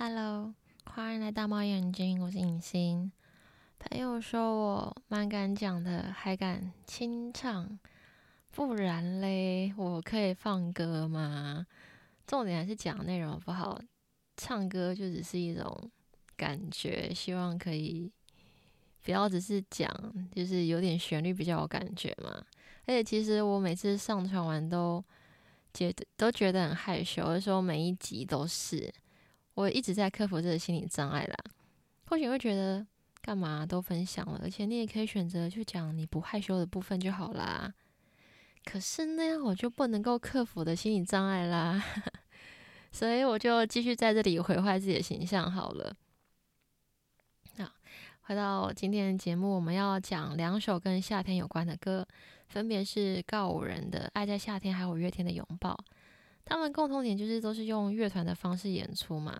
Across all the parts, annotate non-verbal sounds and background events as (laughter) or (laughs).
Hello，歡迎來大貓眼睛，我是影星。朋友說我蠻敢講的，還敢清唱，不然嘞，我可以放歌嗎？重點還是講內容不好，唱歌就只是一種感覺。希望可以不要只是講，就是有點旋律比較有感覺嘛。而且其實我每次上傳完都，都覺得都覺得很害羞，我、就是、說每一集都是。我一直在克服這個心理障礙啦，或許會覺得幹嘛都分享了，而且你也可以選擇去講你不害羞的部分就好啦。可是那樣我就不能夠克服的心理障礙啦呵呵，所以我就繼續在這裡毀壞自己的形象好了。那回到今天的節目，我們要講兩首跟夏天有關的歌，分別是告五人的《愛在夏天》還有五月天的《擁抱》。他們共同點就是都是用樂團的方式演出嘛。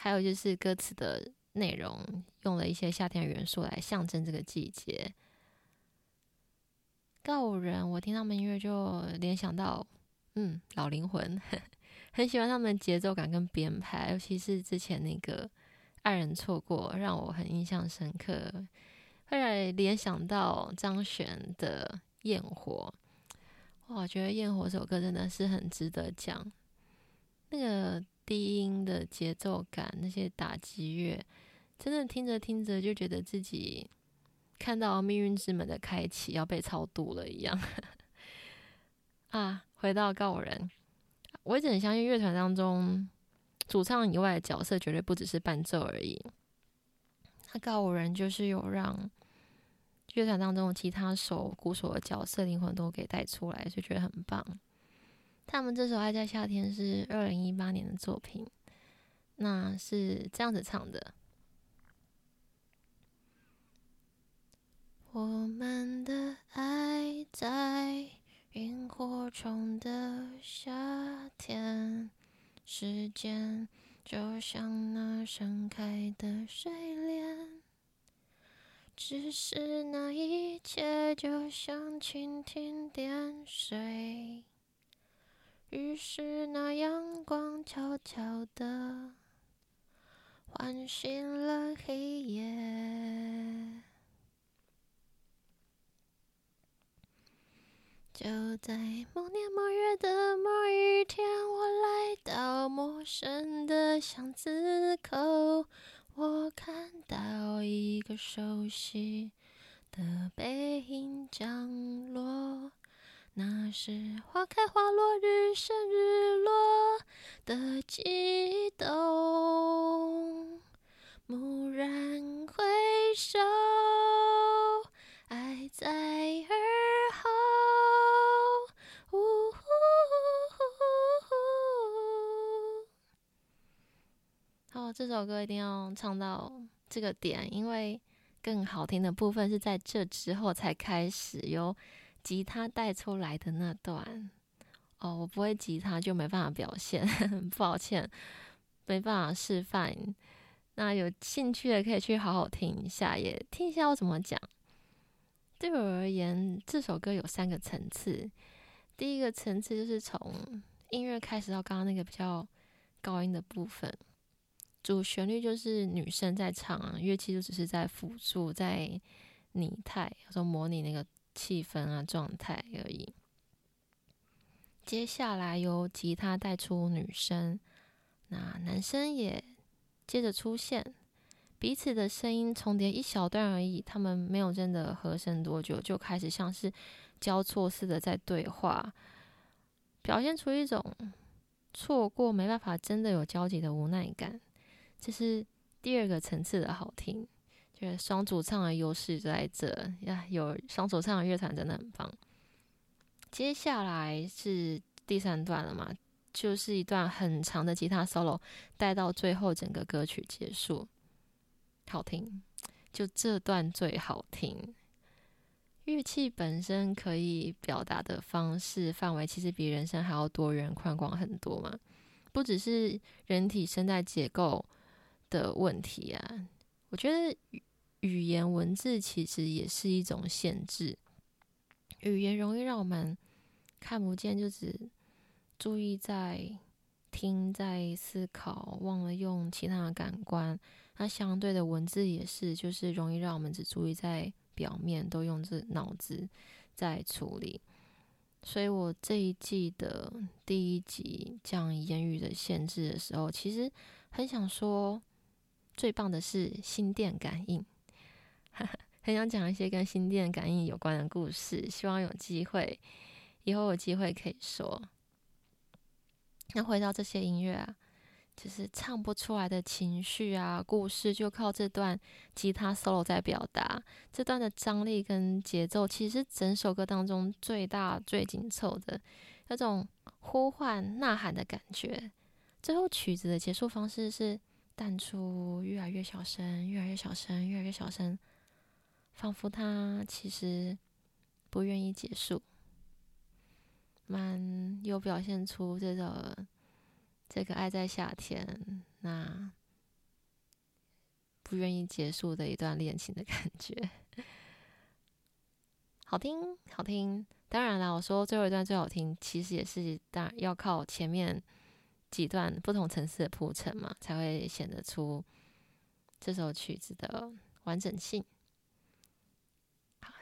還有就是歌詞的內容，用了一些夏天元素來象徵這個季節。告五人，我聽他們音樂就聯想到，嗯，老靈魂呵呵，很喜歡他們節奏感跟編排，尤其是之前那個《愛人錯過》，讓我很印象深刻。後來聯想到張懸的《焰火》，哇，我覺得《焰火》這首歌真的是很值得講，那個。低音的節奏感，那些打擊樂，真的聽着聽着就覺得自己看到命運之門的開啟，要被超度了一樣。 (laughs) 啊，回到告五人，我一直很相信樂團當中主唱以外的角色，絕對不只是伴奏而已。那告五人就是有讓樂團當中吉他手、鼓手的角色靈魂都給帶出來，就覺得很棒。他們這首《愛在夏天》是二零一八年的作品，那是這樣子唱的： (music) 我們的愛在螢火蟲的夏天，時間就像那盛開的睡蓮，只是那一切就像蜻蜓點水。於是，那陽光悄悄地喚醒了黑夜。就在某年某月的某一天，我來到陌生的巷子口，我看到一個熟悉的背影降落。那是花開花落，日升日落的悸動。驀然回首，愛在耳後。嗚嗚，好，這首歌一定要唱到這個點，因為更好聽的部分是在這之後才開始喲。吉他帶出來的那段，哦，我不會吉他，就沒辦法表現，呵呵，抱歉，沒辦法示範。那有興趣的可以去好好聽一下，也聽一下我怎麼講。對我而言，這首歌有三個層次。第一個層次就是從音樂開始到剛剛那個比較高音的部分，主旋律就是女生在唱啊，樂器就只是在輔助，在擬態，說模擬那個。氣氛啊，狀態而已。接下來由吉他帶出女生，那男生也接着出現，彼此的聲音重疊一小段而已。他們沒有真的和聲多久，就開始像是交錯似的在對話，表現出一種錯過沒辦法真的有交集的無奈感。這是第二個層次的好聽。對，雙主唱的優勢就在這呀，有雙主唱的樂團真的很棒。接下來是第三段了嘛，就是一段很長的吉他 solo，帶到最後整個歌曲結束，好聽，就這段最好聽。樂器本身可以表達的方式範圍，其實比人聲還要多元寬廣很多嘛，不只是人體聲帶結構的問題啊，我覺得。語言文字其實也是一種限制，語言容易讓我們看不見，就只注意在聽，在思考，忘了用其他的感官。那相對的文字也是，就是容易讓我們只注意在表面，都用這腦子在處理。所以我這一季的第一集講言語的限制的時候，其實很想說，最棒的是心電感應。 (laughs) 很想講一些跟心電感應有關的故事，希望有機會，以後有機會可以說。那回到這些音樂啊，就是唱不出來的情緒啊、故事，就靠這段吉他 solo 在表達。這段的張力跟節奏，其實整首歌當中最大、最緊湊的，那種呼喚、吶喊的感覺。最後曲子的結束方式是淡出，越來越小聲，越來越小聲，越來越小聲。仿佛他其實不願意結束，蠻有表現出這個這個愛在夏天，那不願意結束的一段戀情的感覺，好聽，好聽。當然啦，我說最後一段最好聽，其實也是當然要靠前面幾段不同層次的鋪陳嘛，才會顯得出這首曲子的完整性。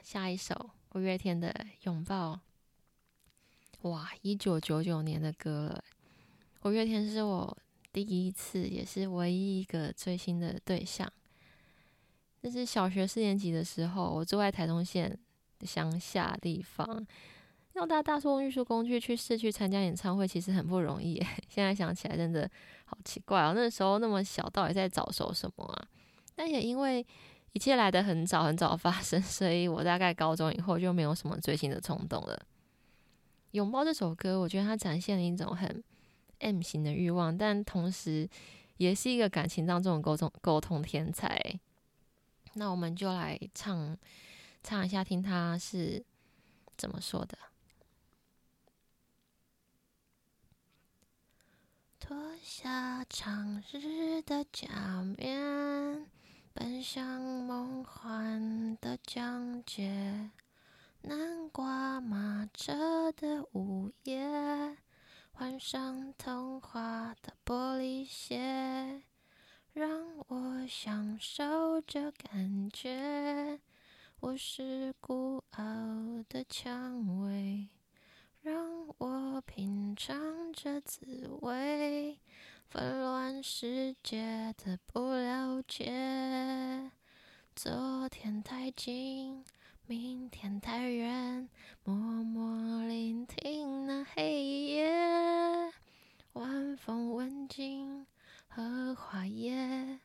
下一首五月天的擁抱，哇，一九九九年的歌了。五月天是我第一次，也是唯一一個追星的對象。那是小學四年級的時候，我住在台東縣鄉下地方，要搭大眾運輸工具去市區參加演唱會，其實很不容易。現在想起來，真的好奇怪哦、喔，那時候那麼小，到底在找受什麼啊？但也因為一切來得很早，很早發生，所以我大概高中以後就沒有什麼追星的衝動了。擁抱這首歌，我覺得它展現了一種很 M 型的慾望，但同時也是一個感情當中的溝通溝通天才。那我們就來唱唱一下，聽他是怎麼說的。脫下長日的假面。奔向夢幻的疆界，南瓜馬車的午夜，換上童話的玻璃鞋，讓我享受這感覺。我是孤傲的薔薇，讓我品嘗這滋味。紛亂世界的不了解，昨天太近，明天太遠，默默聆聽那黑夜，晚風吻盡荷花葉，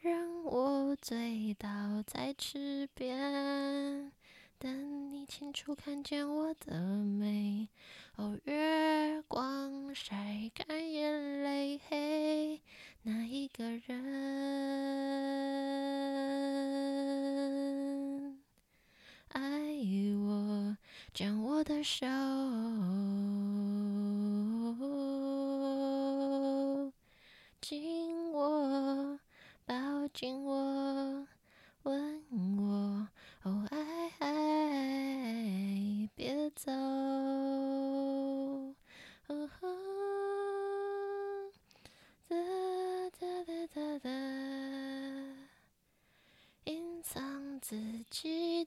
任我醉倒在池邊，等你清楚看見我的美。哦，oh, 月光曬乾眼淚，嘿，哪一個人愛我？將我的手緊握，抱緊我。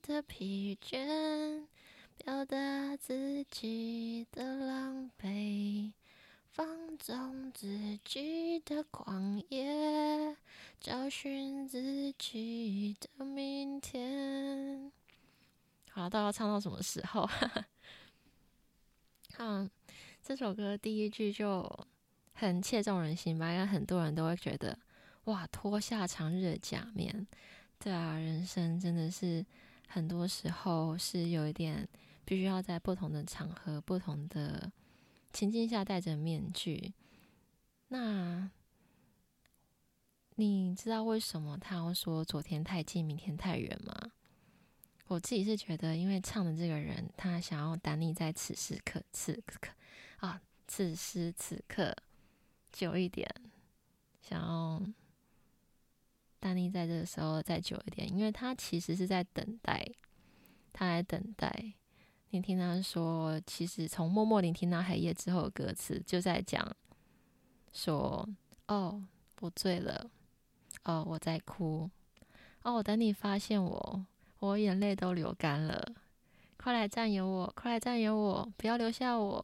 的疲倦，表達自己的狼狽，放縱自己的狂野，找尋自己的明天。好，到底要唱到什麼時候？ (laughs) 嗯，這首歌第一句就很切中人心吧，應該很多人都會覺得哇，脫下長日的假面。對啊，人生真的是。很多時候是有一點必須要在不同的場合、不同的情境下戴着面具。那你知道為什麼他要說“昨天太近，明天太遠”嗎？我自己是覺得，因為唱的這個人他想要等你在此時刻、此刻啊，此時此刻久一點，想要。丹妮，但你在這個時候再久一點，因為他其實是在等待，他在等待。你聽他說，其實從默默聆聽到黑夜之後，歌詞就在講說：“哦，我醉了；哦，我在哭；哦，我等你發現我，我眼淚都流乾了。快來占有我，快來占有我，不要留下我。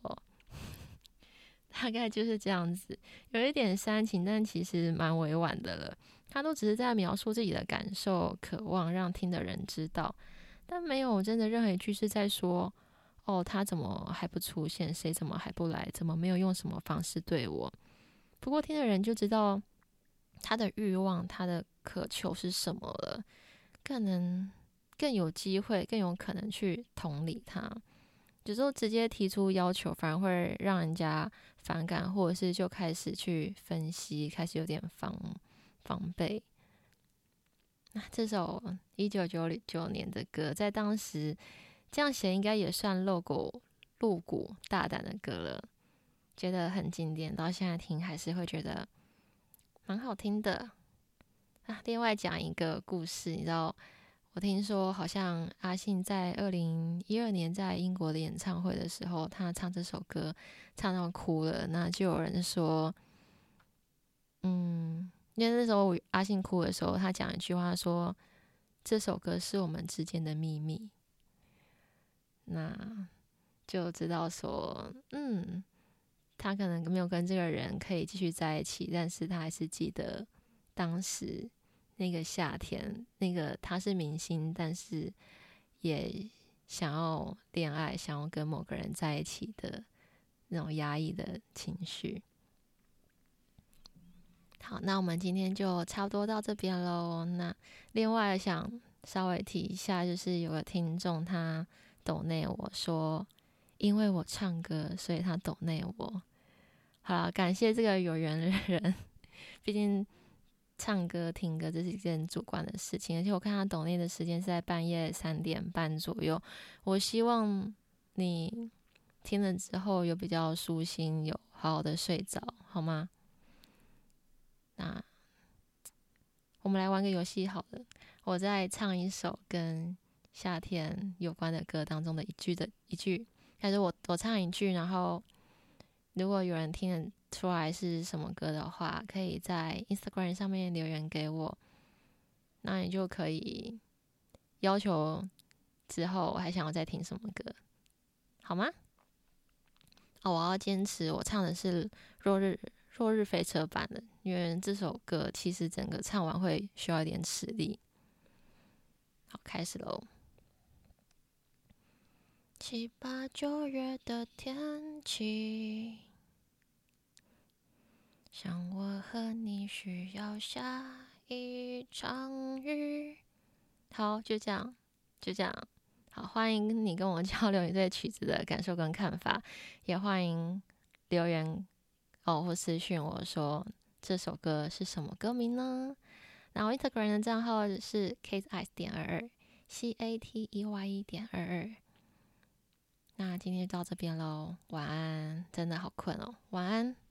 (laughs) ”大概就是這樣子，有一點煽情，但其實蠻委婉的了。他都只是在描述自己的感受，渴望讓聽的人知道，但沒有真的任何一句是在說“哦，他怎麼還不出現？誰怎麼還不來？怎麼沒有用什麼方式對我？”不過，聽的人就知道他的欲望、他的渴求是什麼了，更能更有機會、更有可能去同理他。有時候直接提出要求，反而會讓人家反感，或者是就開始去分析，開始有點防。防備。啊，這首一九九九年的歌，在當時這樣寫，應該也算露骨、露骨大膽的歌了。覺得很經典，到現在聽還是會覺得蠻好聽的啊。另外講一個故事，你知道，我聽說好像阿信在二零一二年在英國的演唱會的時候，他唱這首歌，唱到哭了。那就有人說，嗯。因為那時候阿信哭的時候，他講一句話說：“這首歌是我們之間的秘密。”那就知道說，嗯，他可能沒有跟這個人可以繼續在一起，但是他還是記得當時那個夏天，那個他是明星，但是也想要戀愛，想要跟某個人在一起的那種壓抑的情緒。好，那我們今天就差不多到這邊嘍。那另外想稍微提一下，就是有個聽眾他 donate 我說，說因為我唱歌，所以他 donate 我。好了，感謝這個有緣的人，畢竟唱歌聽歌這是一件主觀的事情，而且我看他 donate 的時間是在半夜三點半左右。我希望你聽了之後有比較舒心，有好好的睡着，好嗎？那我們來玩個遊戲，好了，我再唱一首跟夏天有關的歌當中的一句的一句，還是我我唱一句，然後如果有人聽得出來是什麼歌的話，可以在 Instagram 上面留言給我，那你就可以要求之後我還想要再聽什麼歌，好嗎？哦，我要堅持，我唱的是落日《落日落日飛車版》的。因為這首歌其實整個唱完會需要一點實力。好，開始嘍。七八九月的天氣，像我和你需要下一場雨。好，就這樣，就這樣。好，歡迎你跟我交流你對曲子的感受跟看法，也歡迎留言哦或私訊我說。這首歌是什麼歌名呢？那我 Instagram 的賬號是 cateye 點二二 C A T E Y E 點二二。那今天就到這邊嘍，晚安！真的好困哦，晚安。